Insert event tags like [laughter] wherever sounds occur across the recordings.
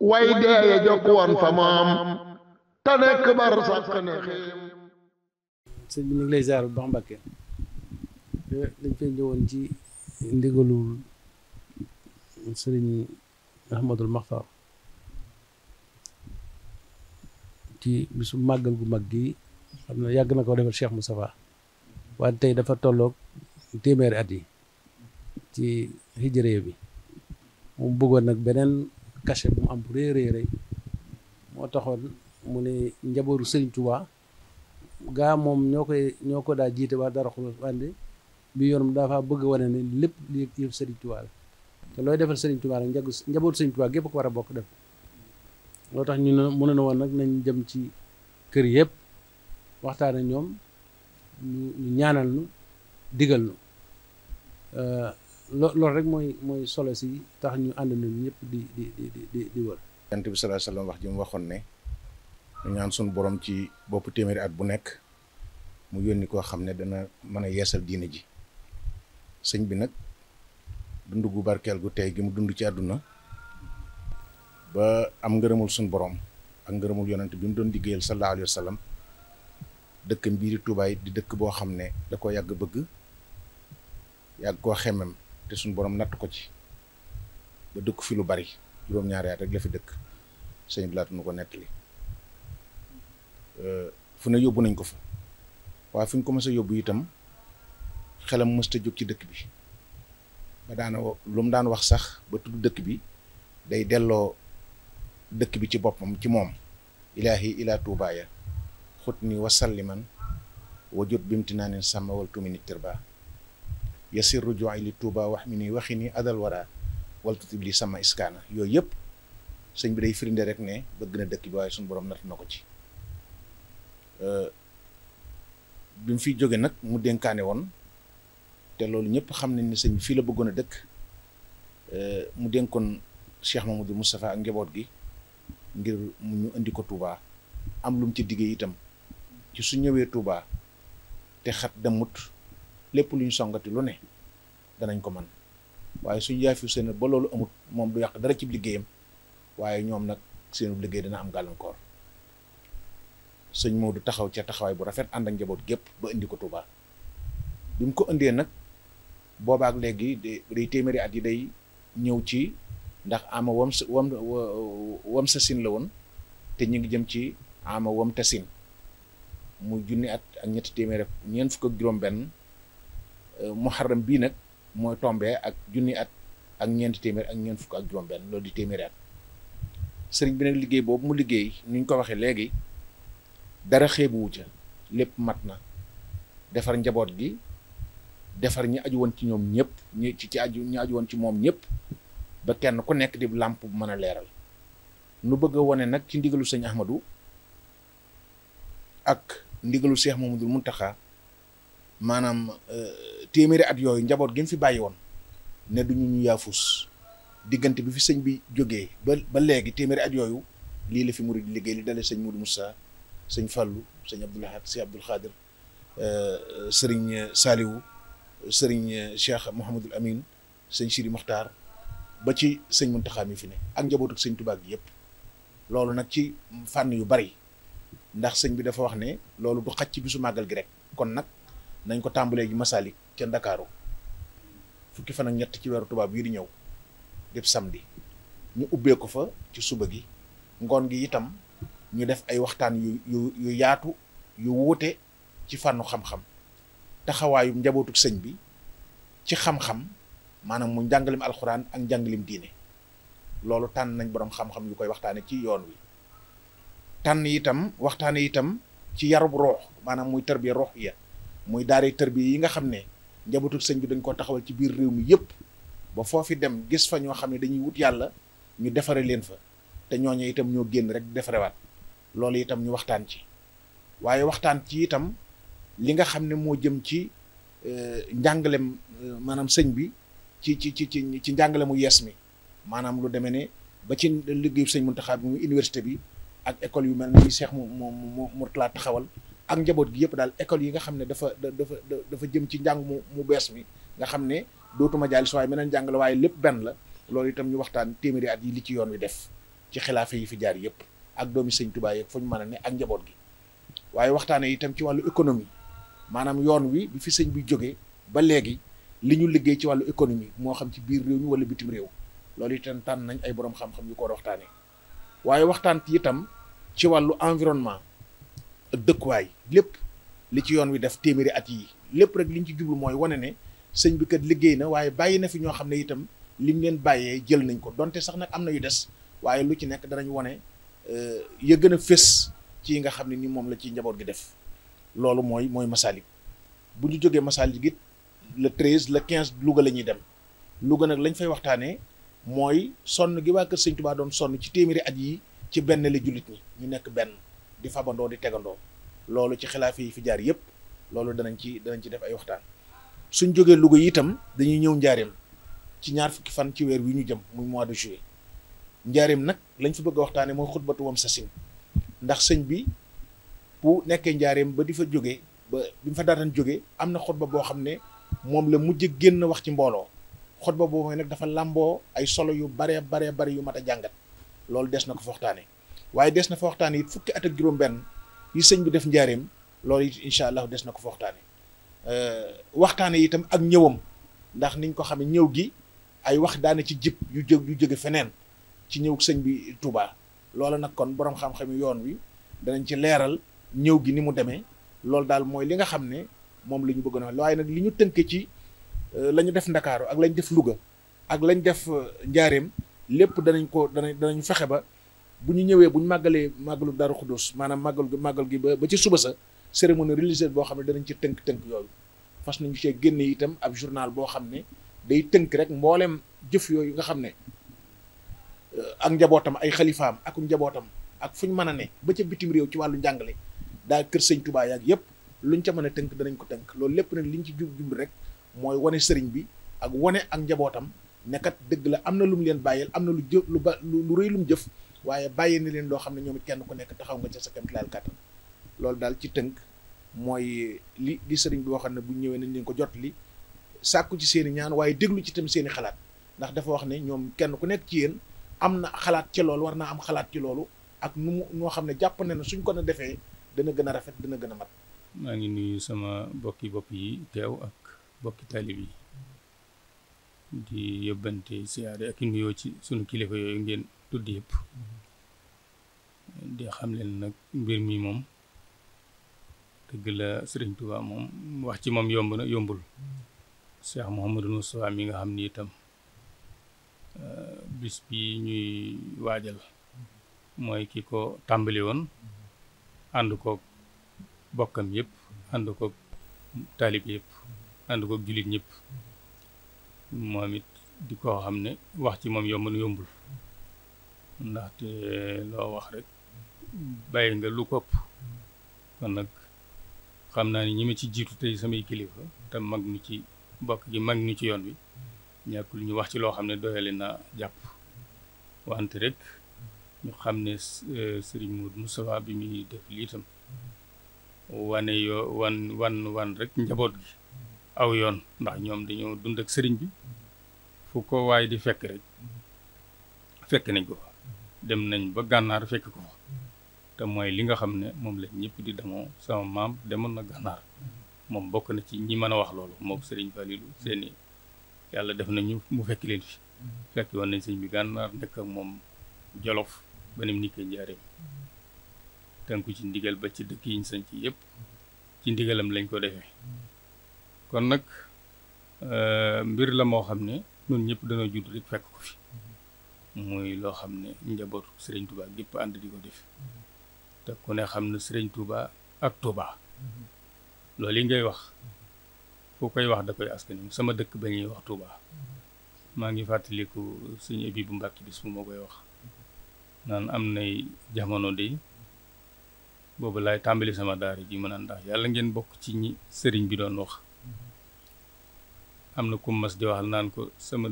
way deeye jokk woon fa moom te nekk bar sàq ne ñu ngi lay ziar bu baax Mbàkke eh, dañ ci ndigalul sëriñ Ahmadul Maxtar ci bisu màggal gu mag gi xam ne yàgg na ko defal Cheikh Moustapha waaye tey dafa tollook téeméeri at ci hijré bi mu bëggoon nag beneen cachet bu mu am bu rëy rëy rëy moo taxoon mu ne njabootu Serigne Touba gaa moom ñoo koy ñoo ko daa jiite waa dara xulos wande bi yoon dafa bëgg wane ne lépp li yëf Serigne la te looy defal Serigne Touba rek njabootu njabootu Serigne Touba gépp ko war a bokk def loo tax ñu ne mën na woon nag nañ jëm ci kër yépp waxtaan ñoom ñu ñaanal nu digal nu lo loolu rek mooy mooy solo si tax ñu ànd nañ ñépp di di di di di wër. bi sallallahu alayhi wa wax ji mu waxoon ne ñu ñaan suñu borom ci boppu téeméeri at bu nekk mu yónni koo xam ne dana mën a yeesal diine ji sëñ bi nag dund gu barkeel gu tey gi mu dund ci àdduna ba am ngërëmul suñu boroom ak ngërëmul yonent bi mu doon liggéeyal sallallahu alayhi wa dëkk mbiiri Tuubaay di dëkk boo xam ne da ko yàgg bëgg yàgg koo xemem te suñu borom natt ko ci ba dëkk fi lu bari juróom-ñaari rek la dëkk sëñ bi laata nu ko nettali euh, fu ne yóbbu nañ ko fa waaye fu ñu ko mës yóbbu itam xelam mës ta jóg ci dëkk bi ba daana lu mu daan wax sax ba tudd dëkk bi day delloo dëkk bi ci boppam ci moom ilaahi ilaa tuubaaya xut ni wasalliman wajut bimtinaanin sàmmawal tumini tirba yasir rujuwaay li Touba wax mi ni waxi ni adal wara waltatib li sama iskaana yooyu yëpp sëñ bi day firnde rek ne bëgg na dëkk bi waaye suñu borom natt na ko ci bi mu fi jóge nag mu dénkaane woon te loolu ñëpp xam nañ ne sëñ fii la bëggoon a dëkk mu dénkoon Cheikh Mamadou Moustapha ak njaboot gi ngir mu ñu indi ko Touba am lu mu ci diggee itam ci su ñëwee Touba te xat dammut lépp lu ñu songati lu ne danañ ko man waaye suñ yaay fi seen ba loolu amut moom du yàq dara ci liggéeyam waaye ñoom nag seenu liggéey dina am gàllankoor sëñ du taxaw ca taxawaay bu rafet ànd ak njaboot gépp ba indi ko Touba bi mu ko indee nag ak léegi day téeméeri at yi day ñëw ci ndax ama wam sa wam la woon te ñu ngi jëm ci ama wom ta mu junni at ak ñetti téeméer ak ñeent fukk ak juróom benn Euh, muharram bii nag mooy tombee ak junni at ak ñeent téeméer ak ñeent fukk ak juróom-benn loolu di téeméeri sëriñ bi nag liggéey boobu mu liggéey ni ñu ko waxee léegi dara xeebuwu ca lépp mat na defar njaboot gi defar ñi aju woon ci ñoom ñëpp ñi ci ci aju ñi aju woon ci moom ñëpp ba kenn ku nekk di làmp bu mën a leeral nu bëgg a wane nag ci ndigalu sëñ Ahmadou ak ndigalu Cheikh Mamadou Mountakha maanaam euh, téeméeri at yooyu njaboot gi fi bàyyi woon ne du ñu ñu yaafus diggante bi fi sëñ bi jógee ba ba léegi téeméeri at yooyu lii la fi murid liggéey li dalee sëñ Moudou Moussa sëñ Fallou sëñ Abdoul Ahad si Abdoul Khadir euh, sëriñ Saliou sëriñ Cheikh Mouhamadul Amin sëñ Siri Makhtar ba ci sëñ Mountakha mi fi ne ak njabootu sëñ Touba gi yëpp loolu nag ci fànn yu bari ndax sëñ bi dafa wax ne loolu du xacc ci bisu màggal gi rek kon nag. nañ ko tàmbalee ji Masalik ca Ndakaaru fukki fan ak ñett ci weeru tubaab yi di ñëw def samedi ñu ubbee ko fa ci suba gi ngoon gi itam ñu def ay waxtaan yu yu yu yaatu yu wuute ci fànnu xam-xam taxawaayu njabootu sëñ bi ci xam-xam maanaam mu njàngalim alxuraan ak njàngalim diine loolu tànn nañ boroom xam-xam yu koy waxtaane ci yoon wi tànn yitam waxtaane itam ci yarub roox maanaam muy tarbiya roox ya muy daari bi yi nga xam ne njabootu sëñ bi dañ koo taxawal ci biir réew mi yëpp ba foofi dem gis fa ñoo xam ne dañuy wut yàlla ñu defare leen fa te ñooñu itam ñoo génn rek defarewaat loolu itam ñu waxtaan ci waaye waxtaan ci itam li nga xam ne moo jëm ci euh, njàngalem euh, maanaam sëñ bi ci ci ci ci ci njàngale mu yees mi maanaam lu demee ne ba ci liggéeyu sëñ Muntaxa bi mu université bi ak école yu mel ni Cheikh mu mu mu Murtala taxawal ak njaboot gi yëpp daal école yi nga xam ne dafa dafa dafa jëm ci njàng mu mu bees mi nga xam ne dootuma jaay si waaye meneen njàng la waaye lépp benn la loolu itam ñu waxtaan téeméeri yi li ci yoon wi def ci xilaafe yi fi jaar yëpp ak doomi sëñ Tuubaa yeeg mën a ne ak njaboot gi waaye waxtaanee itam ci wàllu économie maanaam yoon wi bi fi sëñ bi jógee ba léegi li ñu liggéey ci wàllu économie moo xam ci biir réew mi wala bitim réew loolu itam tànn nañ ay borom xam-xam yu ko war a waxtaanee waaye waxtaan itam ci wàllu environnement ak dëkkuwaay lépp li ci yoon wi def téeméeri at yi lépp rek liñ ci jublu mooy wane ne sëñ bi kat liggéey na waaye bàyyi na fi ñoo xam ne itam lim leen bàyyee jël nañ ko donte sax nag am na yu des waaye lu ci nekk danañ wane euh, ya gën a fés ci nga xam ne nii moom la ci njaboot gi def loolu mooy mooy Masalik bu ñu jógee Masalik it le treize la quinze Louga la ñuy dem Louga nag lañ fay waxtaanee mooy sonn gi waa Kër Sëñ Touba doon sonn ci téeméeri at yi ci benn la jullit ñi ñu nekk benn. di fabandoo di tegandoo loolu ci xilaafa yi fi jaar yëpp loolu danañ ci danañ ci def ay waxtaan suñ jógee Louga yi itam dañuy ñëw njaareem ci ñaar fukki fan ci weer wi ñu jëm muy mois de juillet njaareem nag lañ fi bëgg a waxtaanee mooy xutbatu wam sa sin ndax sëñ bi bu nekkee njaareem ba di fa jóge ba bi mu fa daataan jóge am na xutba boo xam ne moom la mujj génn wax ci mbooloo xutba boobu nag dafa làmboo ay solo yu bare bare bare yu mat a jàngat loolu des na ko fa waaye des na fa waxtaan it fukki at ak juróom-benn yi sëñ bi def njaareem loolu it incha allah des na ko fa waxtaanee euh, waxtaanee itam ak ñëwam ndax niñ ko xam xamee ñëw gi ay wax daana ci jib yu jóg yu jóge feneen ci ñëw sëñ bi Touba loola nag kon borom xam-xam yoon wi danañ ci leeral ñëw gi ni mu demee loolu daal mooy li nga xam ne moom la ñu bëgg na waaye nag li ñu tënke ci euh, la ñu def Ndakaaru ak lañ def Louga ak lañ def euh, Njaareem lépp danañ ko danañ danañ fexe ba. bu ñu ñëwee bu ñu màggalee màggalu Daaru Xudus maanaam màggal màggal gi ba ba ca suba sa cérémonie religieuse boo xam ne danañ ci tënk-tënk yooyu fas nañu cee génne itam ab journal boo xam ne day tënk rek mbooleem jëf yooyu nga xam ne euh, ak njabootam ay xalifaam ak njabootam ak fu ñu mën a ne ba ca bitim réew ci wàllu njàngale daal kër sëñ Tuubaa yaag yépp luñ ca mën a tënk danañ ko tënk loolu lépp nag liñ ci jub jublu rek mooy wane sëriñ bi ak wane ak njabootam nekkat dëgg la am na lum mu leen bàyyeel am na lu jëf lu ba lu rëy lu mu jëf waaye bàyyi na leen loo xam ne ñoom it kenn ku nekk taxaw nga ca sa kéemtalaal kàttan loolu daal ci tënk mooy li li sëriñ bi waxoon ne bu ñëwee nañ leen ko jot li sàkku ci seen ñaan waaye déglu ci tam seeni xalaat ndax dafa wax ne ñoom kenn ku nekk ci yéen am na xalaat ci loolu war naa am xalaat ci loolu ak nu mu ñoo xam ne jàpp na ne suñ kon a defee dana gën a rafet dana gën a mat. maa ngi nuyu sama bokki bopp yi teew ak bokki taalib yi di yóbbante siyaare ci sunu kilifa ngeen. tudd yëpp di xam nag mbir mi moom tëgg la Sëriñ Tuubaa moom wax ci moom yomb na yombul Cheikh Mouhamadou mi nga xam ni itam euh, bis bi ñuy waajal mooy ki ko tàmbali woon ànd koog bokkam yépp ànd koog taalib yépp ànd koog jullit ñëpp moom it di ko xam ne wax ci moom yomb na yombul ndaxte eh, loo wax rek bàyyi nga lu kopp kon nag xam naa ni ñu ma ci jiitu tey samay kilifa te mag ñu ci bokk gi mag ñu ci yoon bi ñàkk lu ñu wax ci loo xam ne doyale na jàpp wante rek ñu xam ne eh, sëriñ Modou Moustapha bi muy def lii itam wane yoo wan wan wan rek njaboot gi aw yoon ndax ñoom dañoo dund ak sëriñ bi fu ko waaye di fekk rek fekk nañ ko dem nañ ba gànnaar fekk ko fa te mooy li nga xam ne moom la ñëpp di demoo sama maam demoon na gànnaar moom bokk na ci ñi mën a wax loolu moom Serigne Falilou seeni yàlla def nañu mu fekk leen fi fekk woon nañ sëñ bi gànnaar nekk ak moom jolof ba ni mu nikkee njaareem tënku ci ndigal ba ci dëkk yi ñu sañ ci yëpp ci ndigalam lañ ko defee kon nag euh, mbir la moo xam ne ñun ñëpp dañoo judd rek fekk ko fi. muy loo xam ne njabootu sëriñ Touba gépp ànd di ko def te ku ne xam ne sëriñ Touba ak Touba loolu yi ngay wax ku koy wax da koy askan sama dëkk ba ñuy wax Touba maa ngi fàttaliku suñu ébi bu mbàkki bis mu ma koy wax naan am nay jamono de boobu laay tàmbali sama daara ji ma naan ndax yàlla ngeen bokk ci ñi sëriñ bi doon wax am na ku mas di waxal naan ko sama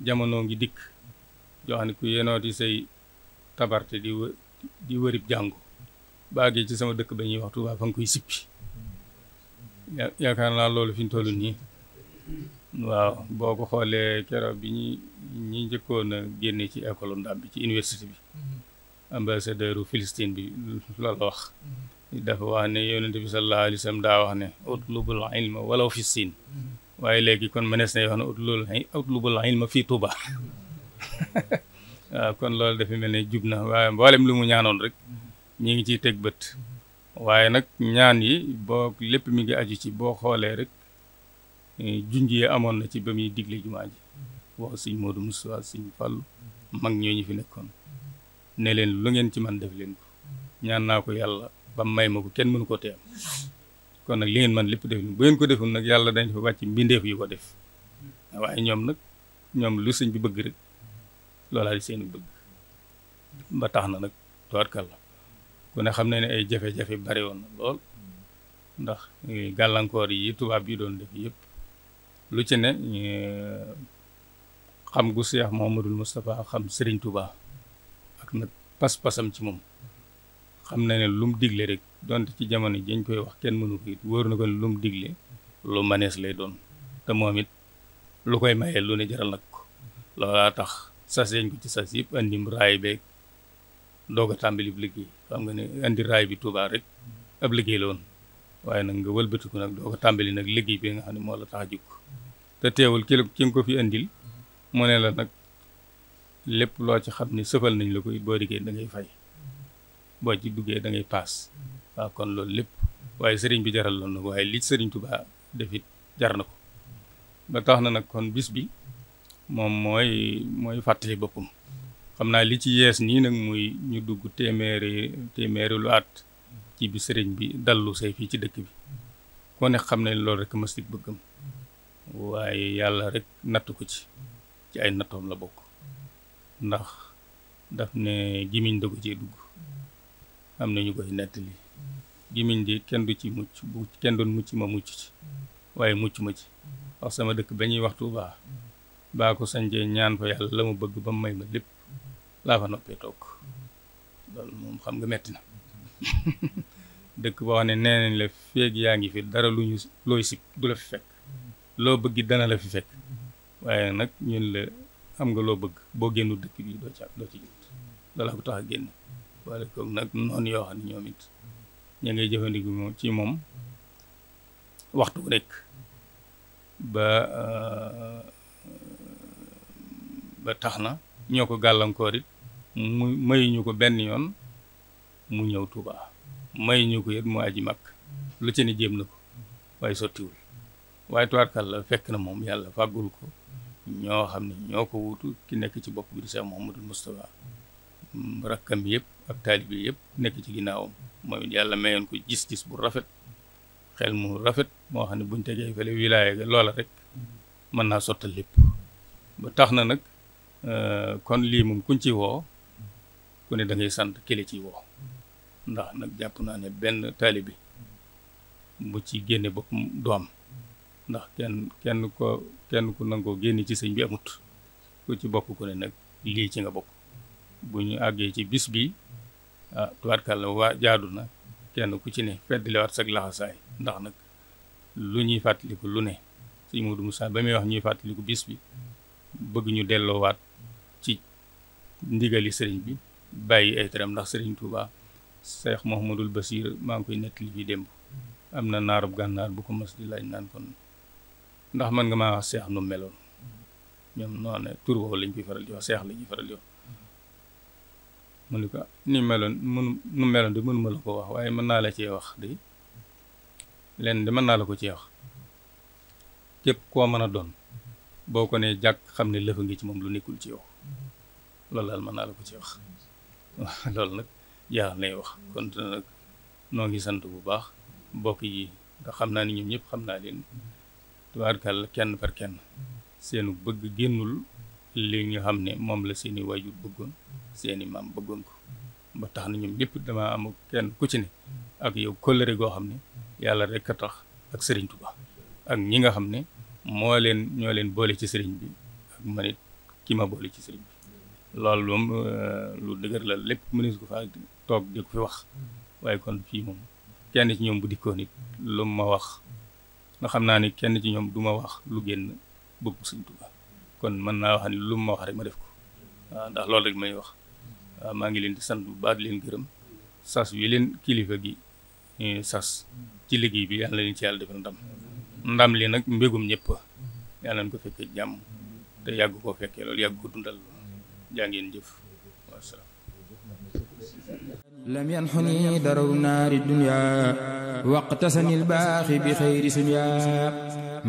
jamono ngi dikk joo xam ne ku yenooti say tabarte di wë di wërib jàngu baagee ci sama dëkk ba ñuy wax Tuubaa fa nga koy sippi yaakaar naa loolu fi ñu toll nii waaw boo ko xoolee keroog bi ñi ñi njëkkoon a génne ci école ndam bi ci université bi ambassadeur u bi loolu wax dafa wax ne yonente bi sallallahu alayhi wa daa wax ne utlubul ilma walaw fi siin waaye léegi kon mënees na yoo xam ne utlubul ilma fii Tuubaa [laughs] waaw kon loolu dafa mel ne jub na waaye mboolem lu mu ñaanoon rek ñi ngi ciy teg bët waaye nag ñaan yi boo lépp mi ngi aju ci boo xoolee rek eh, junj yi amoon na ci ba muy digle jumaa ji wax suñ Modou Moussa suñ Fallou mag ñoo ñu fi nekkoon ne leen lu ngeen ci man def leen ko ñaan naa ko yàlla ba may ma ko kenn mënu ko teem kon nag li ngeen man lépp def bu ngeen ko deful nag yàlla dañ fa wàcc mbindeef yu ko def waaye ñoom nag ñoom lu sëñ bi bëgg loolaa di seen bëgg ba tax na nag tubaarkal la ku ne xam ne ne ay jafe-jafe bari woon na lool ndax eh, gàllankoor yi tubaab yi doon def yëpp lu ci ne eh, xam gu Seex Muhammadul Moustapha xam Sëriñ Tuubaa ak nag pas-pasam ci moom xam na ne lu mu digle rek donte ci jamono jañ koy wax kenn mënu ko it wóor na ko ne lu mu digle lu manees lay doon te moom it lu koy mayee lu ne jaral nag ko loolaa tax sas yañ ko ci sas yëpp andim raay beeg doog a tàmbali liggéey xam nga ne andi raay bi Tuubaa rek ab liggéey la woon waaye nag nga wëlbatiku nag doog a tàmbali nag liggéey bi nga xam ne moo la tax a te teewul ki ki nga ko fi indil moo ne la nag lépp loo ci xam ne sëfal nañ la ko it boo diggee da ngay fay boo ci duggee da ngay paas waaw kon loolu lépp waaye sëriñ bi jaral loon na waaye li sëriñ Tuubaa def it jar na ko ba tax na nag kon bi moom mooy mooy fàttali boppam xam naa li ci yees nii nag muy ñu dugg téeméeri téeméeri lu at ci bi sëriñ bi dallu say fii ci dëkk bi ko ne xam ne loolu rek mastik bëggam waaye yàlla rek natt ko ci ci ay nattoom la bokk ndax daf ne gimiñ da ko cee dugg am na ñu koy nettali gimiñ di kenn du ci mucc bu kenn doon mucc ma mucc ci waaye mucc ma ci wax sama dëkk ba ñuy wax Tuubaa baa ko sañcee ñaan fa yàlla la ma bëgg ba mu may ma lépp laa fa noppee toog loolu moom xam nga metti na [laughs] dëkk boo xam ne nee la feeg yaa ngi fi dara lu ñu looy sib du la fi fekk loo bëgg dana la fi fekk waaye nag ñun la am nga loo bëgg boo génnu dëkk bi doo ci doo ci jot loolaa ko tax a génn wala koog nag noonu yoo xam ne ñoom it ña ngay jëfandikoo ci moom waxtu bu nekk ba euh, ba tax na ñoo ko gàllankoor it mu mayuñu ko benn yoon mu ñëw Touba mayuñu ko it mu aji mag lu ci ne jéem na ko waaye sottiwul waaye tuwaarkal la fekk na moom yàlla fàggul ko ñoo xam ne ñoo ko wutu ki nekk ci bopp bi di Cheikh Mouhamadou Moustapha rakkam yëpp ak taalib yi yëpp nekk ci ginnaawam moom it yàlla mayoon ko gis-gis bu rafet xel mu rafet moo xam ne buñ tegee fële wilaaya ga loola rek mën naa sottal lépp ba tax na nag Euh, kon lii moom kuñ ci woo ku ne da sant kile ci woo ndax nag jàpp naa ne benn taali bi bu ci génne boppam du am ndax kenn kenn ko kenn ku nangoo génne ci sëñ bi amut ku ci bokk ku ne nag lii ci nga bokk bu ñu àggee ci bis bi ah tubaarkàlla waa jaadu na kenn ku ci ne feddliwaat sag laxasaay ndax nag lu ñuy fàttaliku lu ne sëñ Modou Moussa ba muy wax ñuy fàttaliku bis bi bëgg ñu delloowaat ci ndigali sëriñ bi bàyyi ay teram ndax sëriñ Touba Cheikh Mouhamadul Basir maa ngi koy nettali fii démb am na naarub gànnaar bu ko mas di laaj naan kon ndax mën nga maa seex nu meloon ñoom noonu tur lañ koy faral di wax seex la faral di mu ni ko ni meloon mënu nu meloon de mënuma la ko wax waaye mën naa la cee wax de leen de mën naa la ko cee képp koo mën a doon boo ko ne jàkk xam ne lëfa ngi ci moom lu nekkul ci yow loolu laal man naa la ko ci wax [laughs] loolu nag jaaxal nay wax kon nag noo ngi sant bu baax mbokk yi nga xam naa ni ñoom ñëpp xam naa leen tubaarkàll kenn par kenn seenu bëgg génnul li nga xam ne moom la seeni waajur bëggoon seeni maam bëggoon ko ba tax na ñoom ñëpp dama am kenn ku ci ne ak yow kóllëre goo xam ne yàlla rekk a tax ak sëriñ Tuubaa ak ñi nga xam ne moo leen ñoo leen boole ci sëriñ bi ak manit ki ma boole ci sëriñ bi loolu euh, lu dëgër la lépp mënees ko fa toog di ko fi wax waaye kon fii moom kenn ci ñoom bu dikkoon it lu ma wax nga xam naa ni kenn ci ñoom du ma wax lu génn bëgg sëriñ Tuubaa kon mën naa wax ni lu ma wax rek ma def ko waaw ndax loolu rek may wax waaw maa ngi leen di sant bu baax leen gërëm sas wi leen kilifa gi eh, sas ci liggéey bi yàlla leen ci yàlla defal ndam ndam li nag mbégum ñépp yàlla nañ ko fekkee jàmm te yàgg koo fekkee loolu yàgg ko dundal jaa ngeen jëf wa salaam lam yanxuni daraw naari dunya waqtasani albaaxi bi xayri sunya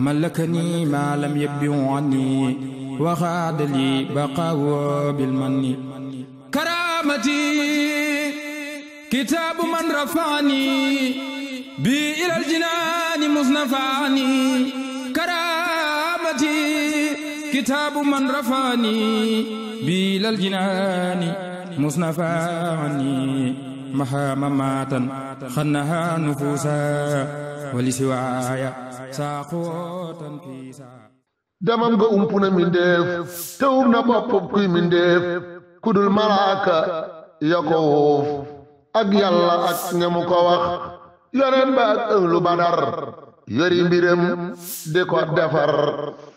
malakani maa lam yabbi anni waxaadali baqaawo bil manni karaamati kitaabu man rafaani bi ilal jinaani musnafaani karaamati kitaabu man rafaani biilal jinaani musnafaani mahaama maatan xannaha nufuusa wali siwaaya saaxootan fiisa damam nga umpuna mindeef te um na kuy mindeef kudul malaaka ya ko wuuf ak ak ñemu wax yoneen ba ak ënglu badar yori mbiram di ko defar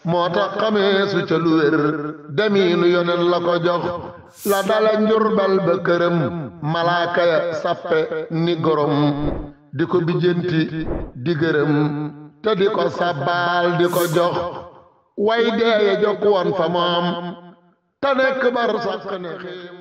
moo tax xamee su ca lu wér demiinu yonen la ko jox la dala njurbal ba këram malaaka ya sappe ni gorom di ko bijjanti di te di ko sabbaal di ko jox way deeye jokk fa moom te bar sàkk ne